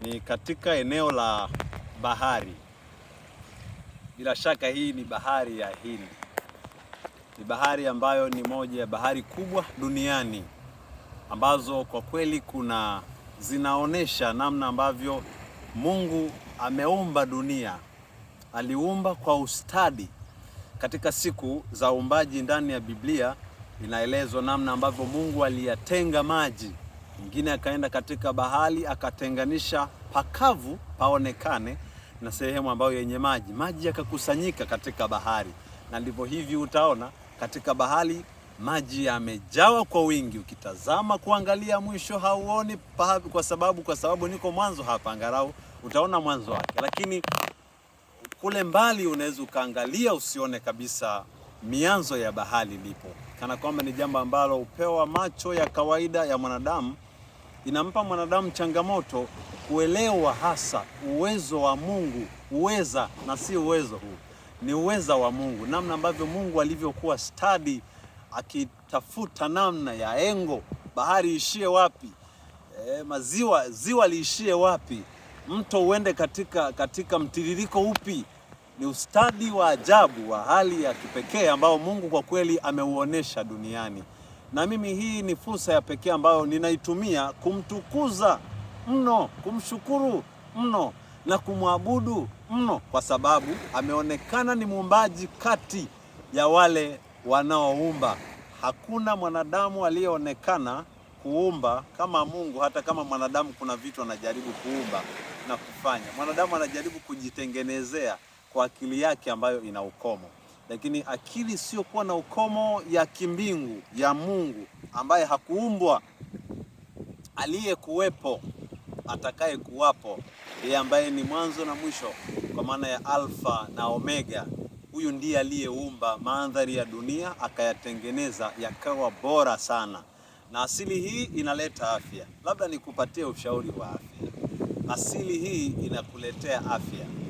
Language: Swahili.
ni katika eneo la bahari. Bila shaka hii ni bahari ya Hindi, ni bahari ambayo ni moja ya bahari kubwa duniani ambazo kwa kweli kuna zinaonesha namna ambavyo Mungu ameumba dunia. Aliumba kwa ustadi. Katika siku za uumbaji ndani ya Biblia inaelezwa namna ambavyo Mungu aliyatenga maji mwingine akaenda katika bahari akatenganisha pakavu paonekane na sehemu ambayo yenye maji, maji yakakusanyika katika bahari, na ndivyo hivi utaona katika bahari maji yamejawa kwa wingi. Ukitazama kuangalia mwisho hauoni pahabi, kwa sababu kwa sababu niko mwanzo hapa, angalau utaona mwanzo wake, lakini kule mbali unaweza ukaangalia usione kabisa mianzo ya bahari lipo, kana kwamba ni jambo ambalo upeo wa macho ya kawaida ya mwanadamu inampa mwanadamu changamoto kuelewa hasa uwezo wa Mungu, uweza na si uwezo huu, ni uweza wa Mungu, namna ambavyo Mungu alivyokuwa stadi akitafuta namna ya engo, bahari ishie wapi, e, maziwa ziwa liishie wapi, mto uende katika, katika mtiririko upi. Ni ustadi wa ajabu wa hali ya kipekee ambao Mungu kwa kweli ameuonesha duniani na mimi hii ni fursa ya pekee ambayo ninaitumia kumtukuza mno, kumshukuru mno na kumwabudu mno, kwa sababu ameonekana ni muumbaji kati ya wale wanaoumba. Hakuna mwanadamu aliyeonekana kuumba kama Mungu, hata kama mwanadamu kuna vitu anajaribu kuumba na kufanya. Mwanadamu anajaribu kujitengenezea kwa akili yake ambayo ina ukomo lakini akili isiyokuwa na ukomo ya kimbingu ya Mungu ambaye hakuumbwa, aliyekuwepo, atakaye kuwapo, yeye ambaye ni mwanzo na mwisho, kwa maana ya Alfa na Omega. Huyu ndiye aliyeumba mandhari ya dunia akayatengeneza yakawa bora sana, na asili hii inaleta afya. Labda nikupatie ushauri wa afya. Asili hii inakuletea afya.